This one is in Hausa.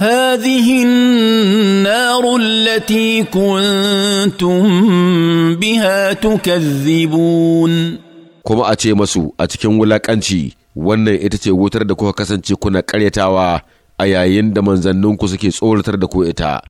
هذه النار التي كنتم بها تكذبون kuma a ce masu a cikin wulaƙanci wannan ita ce wutar da kuka kasance kuna ƙaryatawa a yayin da manzanninku suke tsoratar da ku ita